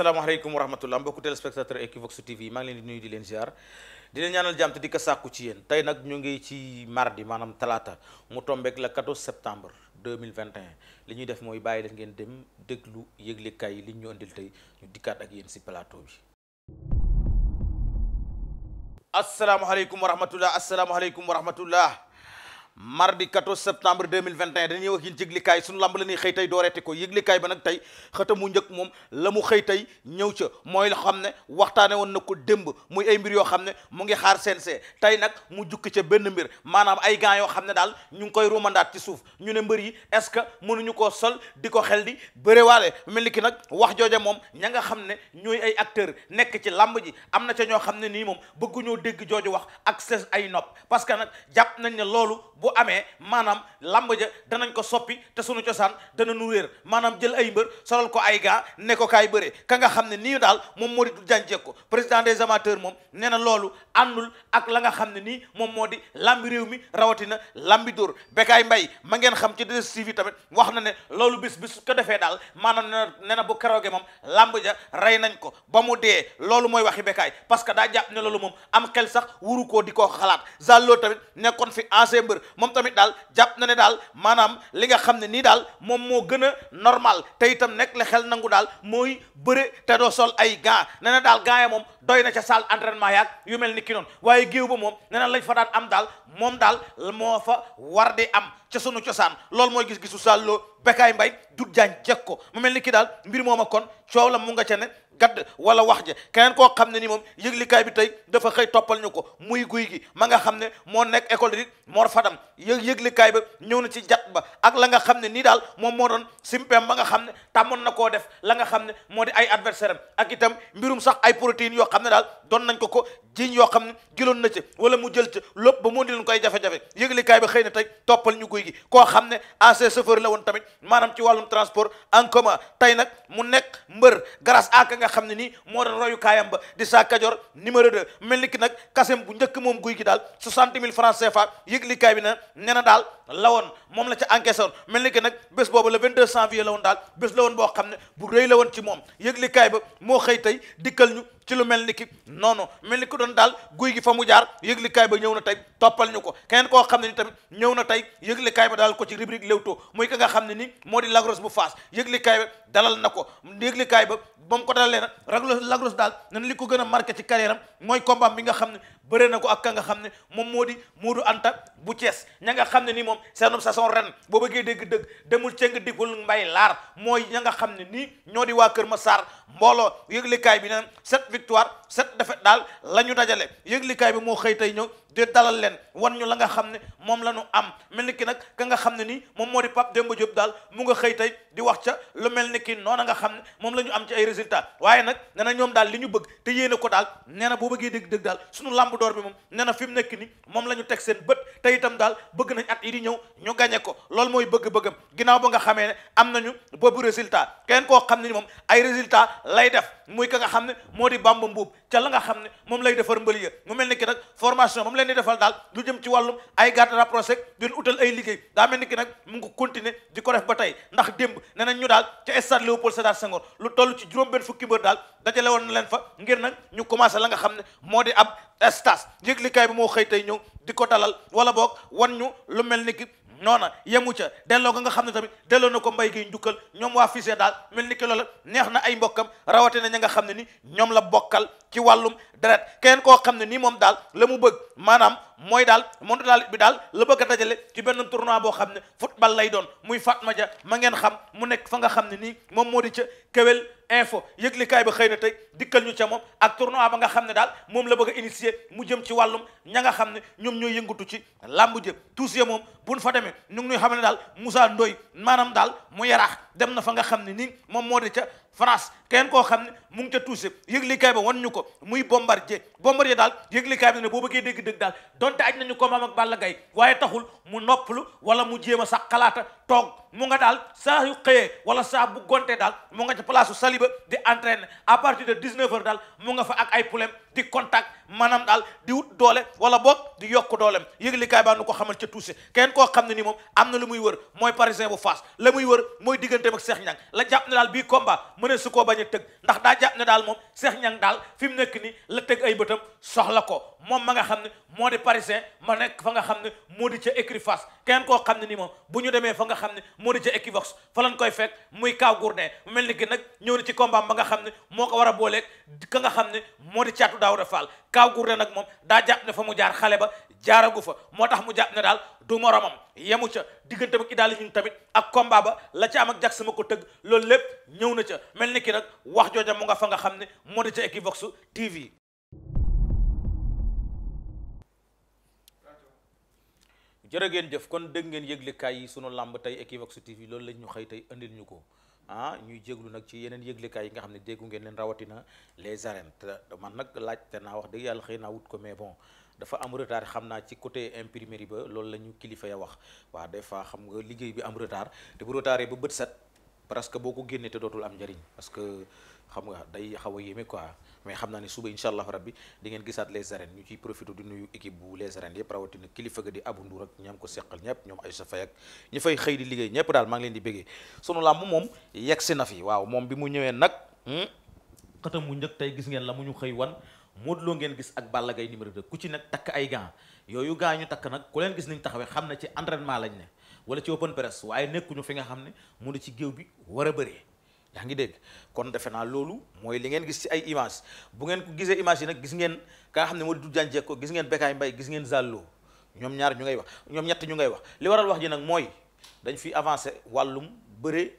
asalaamaaleykum wa rahmatullah mbokku téléspectateur Equivox TV maa ngi leen di nuyu di leen ziar di ñaanal jàmm te di ko sàkku ci yéen tey nag ñu ngi ci mardi maanaam talaata mu tombeek le 14 septembre 2021 li ñuy def mooy bàyyi leen ngeen dem déglu yëglekaay yi li ñu lu tey ñu dikkaat ak yéen si plateau bi. asalaamaaleykum wa rahmatullah asalaamaaleykum wa rahmatullah mardi 14 septembre 2021 dañuy wax yéen ci yëglikaay suñu lamb la ñuy xëy tey dooreete ko yëglikaay ba nag tey xëta mu njëkk moom la mu xëy tey ñëw ca mooy la xam ne waxtaane woon na ko démb muy ay mbir yoo xam ne mu ngi xaar CNG tey nag mu jukki ca benn mbir maanaam ay gants yoo xam ne daal ñu ngi koy rumandaat ci suuf ñu ne mbër yi est-ce que mënuñu koo sol di ko xel di bëréwaale mel ni ki nag wax jooja moom ña nga xam ne ñooy ay acteurs nekk ci làmb ji am na ca ñoo xam ne nii moom bëgguñoo dégg jooju wax ak ay nopp parce que nag jàpp nañ ne loolu bu amee maanaam lamb ja danañ ko soppi te sunu cosaan dana nu wéer maanaam jël ay mbër solal ko ay gaa ne ko kaay ka nga xam ne nii daal moom moo di du jànjeek ko président des amateurs moom nee loolu àndul ak la xam ne nii moom moo di lambi réew mi rawatina lambi dóor Bécaye Mbaye ma ngeen xam ci DSTV tamit wax na ne loolu bis bis su ko defee daal maanaam nee na nee na bu keroogee moom lamb ja rey nañ ko ba mu dee loolu mooy waxi Bécaye parce que daa jàpp ne loolu moom am xel sax wuru koo di ko xalaat zàlloo tamit nekkoon fi ancien mbër moom tamit daal jàpp na ne daal maanaam li nga xam ne nii daal moom moo gën a normal te itam nekk la xel nangu daal mooy bëre te doo sol ay gants nee na daal gants moom doy na ca salle entraînement yaag yu mel ni ki noonu waaye géew ba moom nee na lañ fa daan am daal moom daal moo fa war di am ca sunu cosaan loolu mooy gis-gisu sàlloo bekaay mbay dut jaan jeg ko mu mel ni ki daal mbir moom a kon coow la mu nga ca ne gadd wala wax ja keneen koo xam ne ni moom yëglikaay bi tey dafa xëy toppal ñu ko muy guy gi ma nga xam ne moo nekk école di Mor Fadam yëg yëglikaay ba ñëw na ci jat ba ak la nga xam ne nii daal moom moo doon simpem ba nga xam ne tàmmoon na koo def la nga xam ne moo di ay adversaire ak itam mbirum sax ay protéines yoo xam ne daal doon nañ ko ko jiñ yoo xam ne jëloon na ca wala mu jël ca ba moo di leen koy jafe-jafe yëglikaay xëy na tey toppal ñu guy gi koo xam ne ancien chauffeur la woon tamit maanaam ci wàllum transport en tey nag mu nekk mbër grâce à nga xam ne ni moo doon royu kaayam ba di saa kajoor numéro 2 mel ni ki nag kasem bu njëkk moom guy gi daal 60 000 francs CFA yëglikaay bi na nee na daal lawoon moom la ca encaissé woon mel ni ki nag bés boobu le 22 janvier la woon daal bés la woon boo xam ne bu rëy la woon ci moom kaay ba moo xëy tey dikkal ñu ci lu mel ni ki noonu mel ni ki doon daal guy gi fa mu jaar yëglikaay ba ñëw na tey toppal ñu ko keneen koo xam ne ni tamit ñëw na tey yëglikaay ba daal ko ci rubrique Leewtoo muy ka nga xam ne ni moo di Lagros bu Faas yëglikaay ba dalal na ko yëglikaay ba ba mu ko dalalee nag Lagros Lagros daal nan li ko gën a marqué ci carrière am mooy combat bi nga xam ne bëre na ko ak ka nga xam ne moom moo di Modou Anta bu Thiès ña nga xam ne ni moom sa saison ren boo bëggee dégg-dëgg demul cëng dikkul mbay laar mooy ña nga xam ne nii ñoo di waa Kër saar mbooloo yëglikaay bi nag victoire sept défaite daal la ñu dajale yëglikaay bi moo xëy tey ñëw de dalal leen wan ñu la nga xam ne moom la ñu am mel ni ki nag ka nga xam ne nii moom moo di dem ba Diop daal mu nga xëy tey di wax ca lu mel ni ki noona nga xam ne moom la ñu am ci ay résultats waaye nag nee ñoom daal li ñu bëgg te yéene ko daal nee na boo bëggee dégg dëgg daal suñu lamb d'or bi moom nee na fi mu nekk ni moom la ñu teg seen bët te itam daal bëgg nañ at yi di ñëw ñu ko loolu mooy bëgg-bëggam ginnaaw ba nga xamee ne am nañu boobu résultat kenn koo xam ne moom ay résultat lay def muy ka nga xam ne moo di Bamba Mbuub ca la nga xam ne moom lay defar mbëli ya mu mel ni ki nag formation leen di defal daal lu jëm ci wàllum ay garde rapproché dina utal ay liggéey daa mel ni ki nag mu nga continuer di ko def ba tey ndax démb ne nañ ñu daal ca stade Léopold Sédar Senghor lu toll ci juróom-benn fukki mbër daal dajale woon na leen fa ngir nag ñu commencé la nga xam ne moo di ab stage yëglikaay bi moo xëy tey ñëw di ko dalal wala boog wan ñu lu mel ni ki noona yemu ca delloo nga nga xam ne tamit delloo na ko mbay gi njukkal ñoom waa FICE daal mel ni ki loola neex na ay mbokkam rawatina ña nga xam ne ni ñoom la bokkal ci wàllum deret keneen koo xam ne nii moom daal la mu bëgg maanaam mooy daal monde daal bi daal la bëgg a dajale ci benn tournoi boo xam ne football lay doon muy Fatma Dia ma ngeen xam mu nekk fa nga xam ne nii moom moo di ca Kewel info yëglikaay bi xëy na tey dikkal ñu ca moom ak tournoi ba nga xam ne daal moom la bëgg a mu jëm ci wàllum ña nga xam ne ñoom ñooy yëngatu ci làmb jëm tous ya moom buñ fa demee ñu ngi xam ne daal Moussa Ndoye maanaam daal mu yaraax dem na fa nga xam ne nii moom moo di ca France kenn koo xam ne mu ngi ca tuuse yëglikaay ba wan ñu ko muy bombardier bombardier daal yëglikaay bi ne boo bëggee dégg dëgg daal donte aj nañu ko maam ak Balla gay waaye taxul mu nopp lu wala mu jéem a sax xalaata toog mu nga daal saa yu xëyee wala sa bu gontee daal mu nga ca place saliba di entraîner à partir de 19 heures daal mu nga fa ak ay problème di contact maanaam daal di wut doole wala boog di yokk doolem yëgle kaay baa nu ko xamal ca tuuse kenn koo xam ne ni moom am na lu muy wër mooy parisien bu Fass la muy wër mooy digganteem ak Cheikh Niang la jàpp daal bii combat mën su ko bañ a tëgg ndax daa jàpp ne daal moom Cheikh Niang daal fi mu nekk nii la tëgg ay bëtam soxla ko moom ma nga xam ne moo di parisien ma nekk fa nga xam ne moo di ca écurie kenn koo xam ne ni moom bu ñu demee fa nga xam ne moo di ca Equivox fa lañ koy fekk muy Kaw Gourdin mel ni ki nag ñëw na ci combat ba nga xam ne moo ko war a booleeg ka nga xam ne moo di caatu Daawuda Fall Kaw Gourdin nag moom daa jàpp ne fa mu jaar xale ba jaaragu fa moo tax mu jàpp ne daal du moromam yemu ca diggante ak idaali ñun tamit ak combat ba la ca am ak jag sama ko tëgg loolu lépp ñëw na ca mel ni ki nag wax jooja mu nga fa nga xam ne moo di ca Equivox TV jërë jëf kon dégg ngeen yëglekaay yi sunu làmb tey Equivox TV loolu lañ ñu xëy tey andil ñu ko ah ñuy jéglu nag ci yeneen yëglekaay yi nga xam ne déggu ngeen leen rawatina les arènes te man nag laaj te naa wax dëgg yàlla xëy naa wut ko mais bon dafa am retard xam naa ci côté imprimerie ba loolu la ñu kilifa ya wax waa des fois xam nga liggéey bi am retard te bu retardé ba bët set presque boo ko génnee te dootul am njariñ parce que xam nga day xaw a yéeme quoi mais xam naa ne suba incha allah rabbi di ngeen gisaat les arènes ñu ciy profité di nuyu équipe bu les arènes yëpp rawatina kilifa ga di Abou Ndour ak ñam ko seqal ñëpp ñoom Aïssa Faye ak ñi fay xëy di liggéey ñëpp daal maa ngi leen di béggee sunu làmb moom yegsi na fi waaw moom bi mu ñëwee nag hmm, xëtam mu njëkk tey gis ngeen la mu ñu xëy wan Modou Lo ngeen gis ak Balla Gaye numéro ku ci nag takk ay gants yooyu gants ñu takk nag ku leen gis nañ taxawee xam ne ci entraînement lañ ne wala ci open press waaye nekkuñu fi nga xam ne mu ci géew bi war a bëree yaa ngi dégg kon defe naa loolu mooy li ngeen gis ci ay image bu ngeen ko gisee image yi nag gis ngeen kaa xam ne moo di Doudou Diagne Diecko gis ngeen Bécaye mbay gis ngeen Zallo ñoom ñaar ñu ngay wax ñoom ñett ñu ngay wax li waral wax ji nag mooy dañ fi avancé wàllum bëre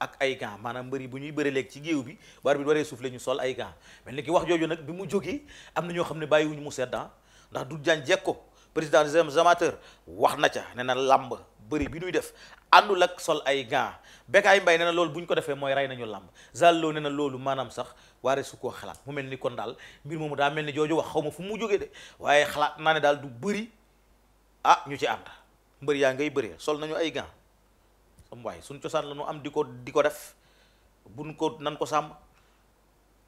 ak ay gants maanaam mbëri bu ñuy bëre léegi ci géew bi war bi waree suuf la ñu sol ay gants mais ni ki wax jooju nag bi mu jógee am na ñoo xam ne bàyyiwuñu mu seddan ah. ndax Doudou Diagne Diecko président des amateurs wax na ca ne na làmb bëri bi ñuy def àndul ak sol ay gants bekkaay mbay nee na loolu bu ko defee mooy rey nañu làmb zalloo nee na loolu maanaam sax waare su koo xalaat mu mel ni kon daal mbir moomu daa mel ni jooju wax xaw ma fu mu jógee de waaye xalaat naa ne daal du bëri ah ñu ci ànd mbër yaa ngay bëree sol nañu ay gants sam waaye suñ cosaan la ñu am di ko di ko def buñ ko nan ko sàmm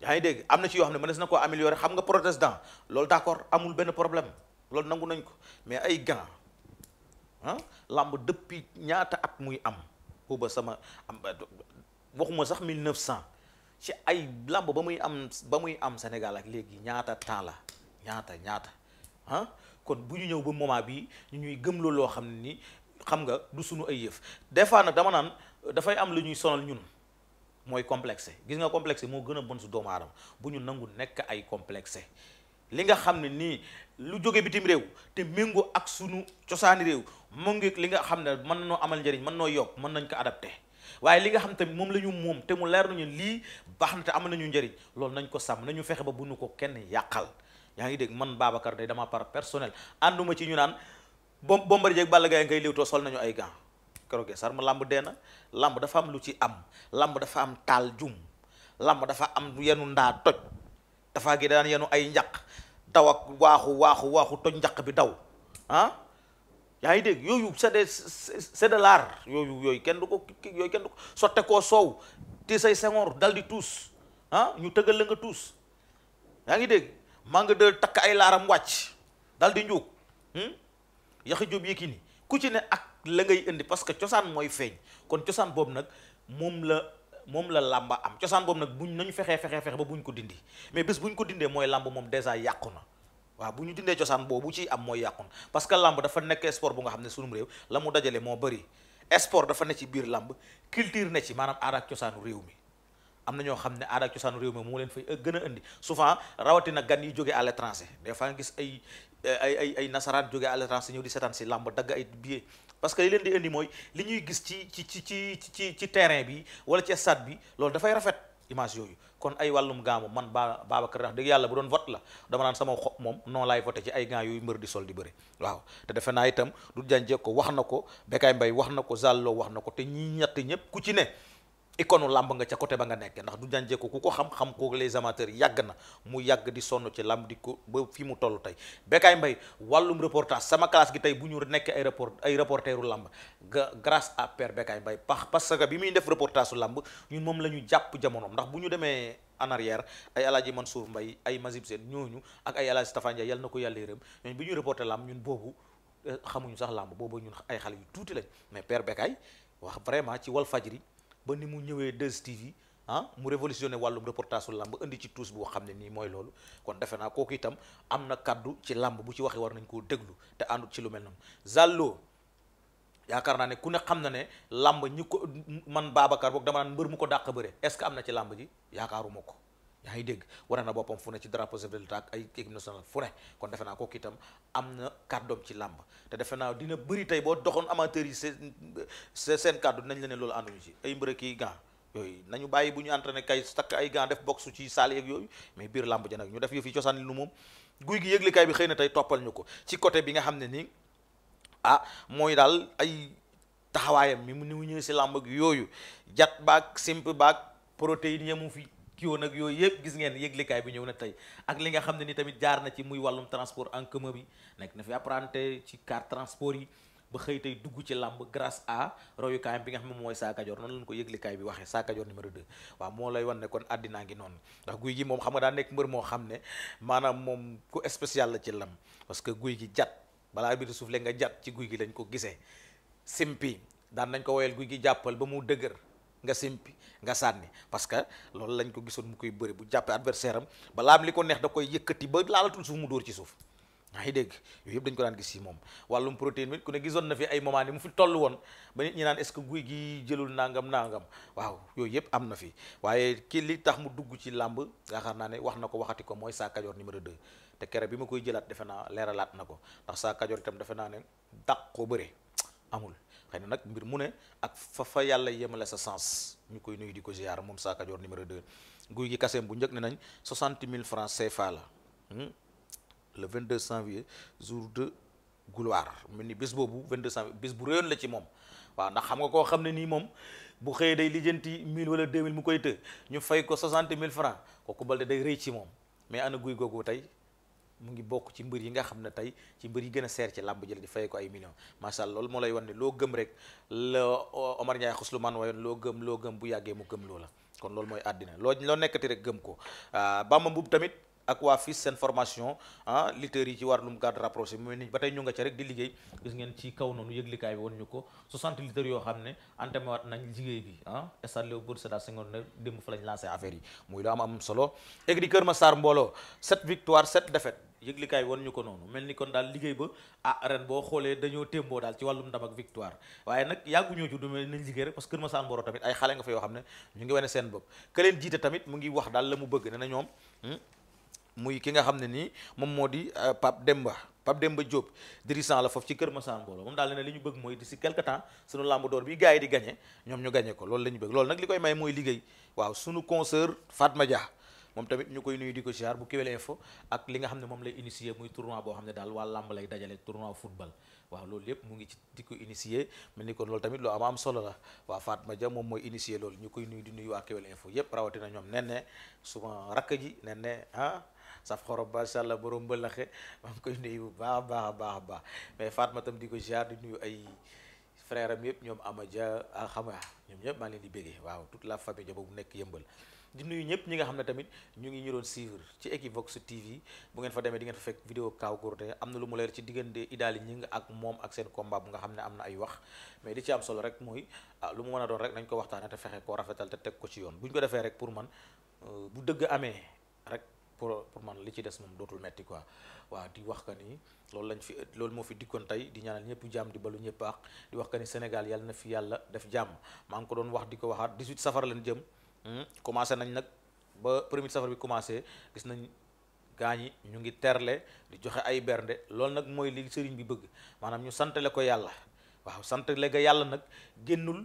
yaa ngi dégg am na ci yoo xam ne mënees na koo améliorer xam nga protestant loolu d'accord amul benn problème loolu nangu nañ ko mais ay gants ah làmb depuis ñaata at muy am booba sama am waxuma sax mille neuf cent ci ay làmb ba muy am ba muy am Sénégal ak léegi ñaata temps la ñaata ñaata ah kon bu ñu ñëw ba moment bi ñu ñuy gëm loolu loo xam ni xam nga du suñu ay yëf des fois nag dama naan dafay am lu ñuy sonal ñun mooy complexé gis nga complexé moo gën a bon su doomu aadama bu ñu nangu nekk ay complexé li nga xam ne nii lu jóge bitim réew te méngoo ak sunu cosaani réew mu ngi li nga xam ne mën na noo amal njëriñ mën noo yokk mën nañ ko adapté waaye li nga xam tamit moom la ñu moom te mu leer nañu lii baax na nañu njëriñ loolu nañ ko sàmm nañu fexe ba bu nu ko kenn yàqal yaa ngi dégg man Babacar day dama par personnel ànduma ci ñu naan bom Bombardier ak Balla Gaye ngay liwtoo sol nañu ay gants keroog sar ma lamb dee na làmb dafa am lu ci am làmb dafa am taal jum lamb dafa am yenu ndaa toj dafa gi daan yenu ay njaq daw ak waaxu waaxu waaxu toj njaq bi daw ah yaa ngi dégg yooyu c'est de c'est yooyu yooyu kenn du ko yooyu kenn du ko sotte koo soow ti say sengoor dal di tuus ah ñu tëgal la nga tuus yaa ngi dégg maa nga de takk ay laaram wàcc dal di njuug hmm? yaxi jób yëkki ni ku ci ne ak la ngay indi parce que cosaan mooy feeñ kon cosaan boobu nag moom la moom la làmba am cosaan boobu nag buñ nañu fexee fexee fexe ba buñ ko dindi mais bés buñ ko dindee mooy làmb moom déjà yàqu na waaw bu ñu dindee cosaan boobu ci am mooy yàqu na parce que làmb dafa nekk sport bu nga xam ne sunum réew la mu dajale moo bëri sport dafa ne ci biir làmb culture ne ci maanaam aada ak cosaanu réew mi am na ñoo xam ne aada ak cosaanu réew mi moo leen fay gën a indi souvent rawatina gan yi jógee à l'étranger des fois nga gis ay ay ay ay nasaraan jógee à l'étranger ñëw si làmb dagg ay billet parce que li leen di indi mooy li ñuy gis ci ci ci ci ci ci terrain bi wala ci stade bi loolu dafay rafet image yooyu kon ay wàllum gaamu man baa Babacar wax dëgg yàlla bu doon vote la dama naan sama xob moom non lay voté ci ay gants yooyu mbër di sol di bëri waaw te defe naa itam du jànjee ko wax na ko Bekaay Mbay wax na ko Zallo wax na ko te ñi ñett ñëpp ku ci ne ikonu làmb nga ca côté ba nga nekk ndax du jànjeeku ku ko xam-xam ko les amateurs yàgg na mu yàgg di sonn ci làmb di ko ba fi mu toll tey Bécaye Mbaye wàllum reportage sama classe gi tey bu ñu nekkee ay report ay reporteru làmb ga grâce à père Bécaye parce que bi muy def reportage su làmb ñun moom la ñu jàpp jamonoom ndax bu ñu demee en arrière ay alaaji Mansour mbay ay Mazib Sène ñooñu ak ay alaaji Stapha Ndiaye yal na ko yàlla yërëm ñooñu bi ñuy reporté làmb ñun boobu eh, xamuñu sax làmb boobu ñun ay xale yu tuuti lañ mais père Bécaye wax vraiment ci Walfadjri ba ni mu ñëwee 2STV ah mu révolutionné wàllum reportage su làmb indi ci tuus boo xam ne nii mooy loolu kon defe naa kooku itam am na kaddu ci làmb bu ci waxee war nañ koo déglu te àndut ci lu mel noonu Zallo yaakaar naa ne ku ne xam na ne làmb ñi ko man Babacar boog dama naan mbër mu ko dàq bëre est-ce que am na ci làmb ji yaakaaruma ko yaa ngi dégg wane na boppam fu ci drapeau chef de ak ay équipe nationale fu ne kon defe naa kooku itam am na kàddoom ci làmb te defe naa dina bëri tey boo doxoon amateur yi seen seen kàddu nañ leen loolu ànduñu ci ay mbërë kii gant yooyu nañu bàyyi bu ñu entraîné kay takk ay gant def boxe ci salle yeeg yooyu mais biir làmb ja nag ñu def yëf yi cosaan lu moom guy gi yëglikaay bi xëy na tey toppal ñu ko ci côté bi nga xam ne ni ah mooy daal ay taxawaayam mi mu ni mu ñëwee si yooyu jat baak simp baak protéine yamu fi kiwoon nag yooyu yëpp gis ngeen yëglikaay bi ñëw na tey ak li nga xam ne ni tamit jaar na ci muy wàllum transport en commun bi nekk na fi apprenti ci car transport yi ba xëy tey dugg ci làmb grâce à royukaayam bi nga xam ne mooy saakajoor noonu lañ ko yëglikaay bi waxee saakajoor numéro 2 waaw moo lay ne kon àddinaa ngi noonu ndax guy gi moom xam nga daa moo xam ne maanaam moom ku spécial la ci lam parce que guy gi jat balaa bi di suuf le nga jat ci guy gi lañ ko gisee simpi daan nañ ko woyal guy gi jàppal ba mu dëgër nga simpi nga sànni parce que loolu lañ ko gisoon mu koy bëri bu jàppee adversaire am balaa am li ko neex da koy yëkkati ba laalatul suuf mu dóor ci suuf yaa ngi dégg yooyu yëpp dañ ko daan gis si moom wàllum protéine bi ku ne gisoon na fi ay moment mu fi toll woon ba nit ñi naan est-ce guy gi jëlul nangam nangam waaw yooyu yëpp am na fi waaye kii li tax mu dugg ci làmb yaakaar naa ne wax na ko waxati ko mooy Sa Kajoor numéro 2 te kere bi ma koy jëlaat defe naa leeralaat na ko ndax Sa Kajoor defe naa ne daq ko bëre amul xëy na nag mbir mu ne ak fa fa yàlla yemale sa sens ñu koy nuyu di ko ziar moom Sa Cadior numéro 2 guy gi kaseem bu njëkk ne nañ 60 000 francs CFA la vingt hmm? le 22 janvier jour de gloire mel ni bés boobu 22 janvier bés bu réyoon la ci moom waaw ndax xam nga koo xam ne nii moom bu xëyee day lijjanti 1000 wala 2000 mu koy të ñu fay ko 60 000 francs ko balde day rëy ci moom mais ana guy googu tey mu ngi bokk ci mbër yi nga xam ne tey ci mbër yi gën a seer ci làmb ji di fay ko ay millions macha allah moo lay wan ne loo gëm rek la Omar Ndiaye Xuslumaan wayoon loo gëm loo gëm bu yàggee mu gëm loola kon loolu mooy àddina loo loo nekkati rek gëm ko ah, Bamba Mbuub tamit ak waa fis seen formation ah lutteurs yi ci wàllum garde rapproché mu ni ba tey ñu nga ca rek di liggéey gis ngeen ci kaw noonu yëglikaay bi wan ñu ko 60 lutteurs yoo xam ne antamewaat nañ bi ah stade Léopold Sédar Senghor yëglikaay wan ñu ko noonu mel ni kon daal liggéey ba ah ren boo xoolee dañoo témboo daal ci wàllum ndam ak victoire waaye nag yàgguñoo judd mel nañ liggéey rek parce que Kër Masar Mboro tamit ay xale nga fa yoo xam ne ñu ngi wane seen bopp ka leen jiite mu ngi wax daal la mu ne na ñoom hmm, muy ki nga xam ne nii moom moo di euh, Pape Demba Pape Demba Diop dirigeant la foofu ci Kër Masar Mboro moom daal ne li ñu bëgg mooy di si quelque temps sunu lamb d'or bi gars yi di gagné ñoom ñu gagné ko loolu la ñu bëgg loolu nag li koy may mooy liggéey waaw sunu consoeur Fatma Dia moom tamit ñu koy nuyu di ko ziar bu Kewel Info ak li nga xam ne moom lay initier muy tournoi boo xam ne daal waa làmb lay dajale tournoi football waaw loolu yëpp mu ngi ci di ko initier mel ni kon loolu tamit lu am am solo la waa Fatma Dia moom mooy initier loolu ñu koy nuyu di nuyu waa Kewel Info yépp ñoom nen ne suma rakk ji ne ah saf xorob macha allah borom mbalaxe maa ngi koy bu baax baax baax baax mais Fatma tam di ko ziar di nuyu ay frère yëpp ñoom Amadia ah xam nga ñoom ñëpp maa ngi di béggee waaw toute la famille ja boobu nekk yëmbal di nuyu ñëpp ñi nga xam ne tamit ñu ngi ñu doon suivre ci Equivox TV bu ngeen fa demee dingeen ngeen fa fekk vidéo Kaw Gourdin am na lu mu leer ci diggante Idaly Gningue ak moom ak seen combat bu nga xam ne am na ay wax mais di ci am solo rek mooy ah, lu mu mën a doon rek nañ ko waxtaan te fexe koo rafetal te teg ko ci yoon bu ñu ko defee rek pour man euh, bu dëgg amee rek pour pour man li ci des moom dootul metti quoi waaw di wax ka ni loolu lañ fi loolu moo fi dikkoon tey di ñaanal ñëpp jàmm di balu ñëpp wax ka Sénégal yàlla na fi yàlla def jàmm maa ngi ko doon wax di ko waxaat 18 safar lañ jëm Hmm. commencé nañ nag ba premier safar bi commencé gis nañ gaa ñi ñu ngi terle di joxe ay bernde loolu nag mooy li sëriñ bi bëgg maanaam ñu santale ko yàlla waaw santale ga yàlla nag génnul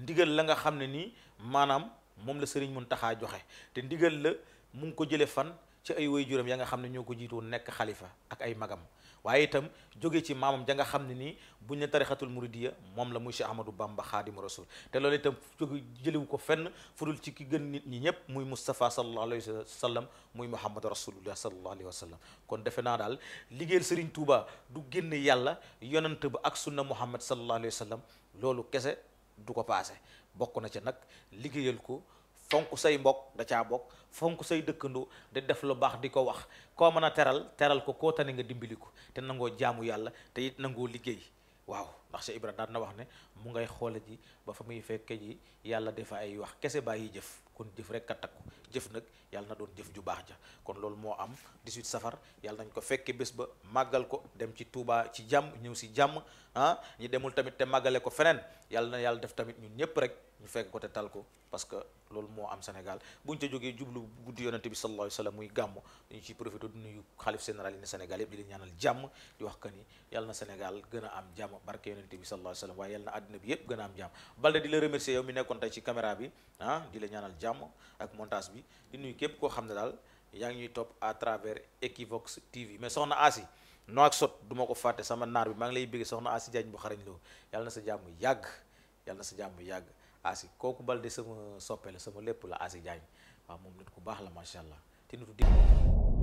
ndigal la nga xam ne nii maanaam moom la sëriñ Muntaxa joxe te ndigal la mu ngi ko jële fan ci ay juróom ya nga xam ne ñoo ko jiitu nekk xalifa ak ay magam waaye itam jóge ci maamam ja nga xam ne nii buñ ne tarixatul muridiya moom la muy Cheikh Ahmadou Bamba xaadimu rasul te loolu itam jóge jëliwu ko fenn fudul ci ki gën nit ñi ñëpp muy Moustapha sallallahu alayhi wa sallam muy Muhammad rasulullah sallallahu alayhi wa sallam kon defe naa daal liggéeyal Serigne Touba du génn yàlla yonant ba ak sunna Muhammad sallallahu alayhi wa sallam loolu kese du ko paase bokk na ca nag liggéeyal ko fonk say mbokk da caa bokk fonk say dëkkandoo di def lu baax di ko wax koo mën a teral teral ko koo tane nga dimbali ko te nangoo jaamu yàlla te it nangoo liggéey waaw ndax Cheikh Ibra daan na wax ne mu ngay xoola ji ba fa muy fekke ji yàlla defa ay wax kese bàyyi jëf kon jëf rek katakku jëf nag yàlla na doon jëf ju baax ja kon loolu moo am 18 safar yàlla nañ ko fekke bés ba màggal ko dem ci tuubaa ci jàmm ñëw si jàmm ah ñi demul tamit te màggale ko feneen yàlla na yàlla def tamit ñun ñëpp rek ñu fekk ko te tal ko parce que loolu moo am Sénégal buñ ca jógee jublu guddi yonente bi sallallahu alayhi wa sallam muy gàmm dañu ciy profité di nuyu xaalif général yi ne Sénégal di leen ñaanal jàmm di wax que ni yàlla na Sénégal gën a am jàmm barke yonente bi sallallahu alayhi wa sallam waaye na àddina bi yëpp gën a am jàmm Balde di la remercier yow mi nekkoon tey ci caméra bi ah di la ñaanal jàmm ak montage bi di nuyu képp koo xam ne daal yaa ngi ñuy topp à travers Equivox TV mais soxna Asi noo ak sot du ma ko fàtte sama naar bi maa ngi lay bëgg soxna Asi Diagne bu xarañ loo yàlla sa jàmm yàgg yàlla sa jàmm yàgg Asi kooku Balde sama soppe sama lépp la Asi Diagne waaw moom nit ku baax la macha allah te nitu dégg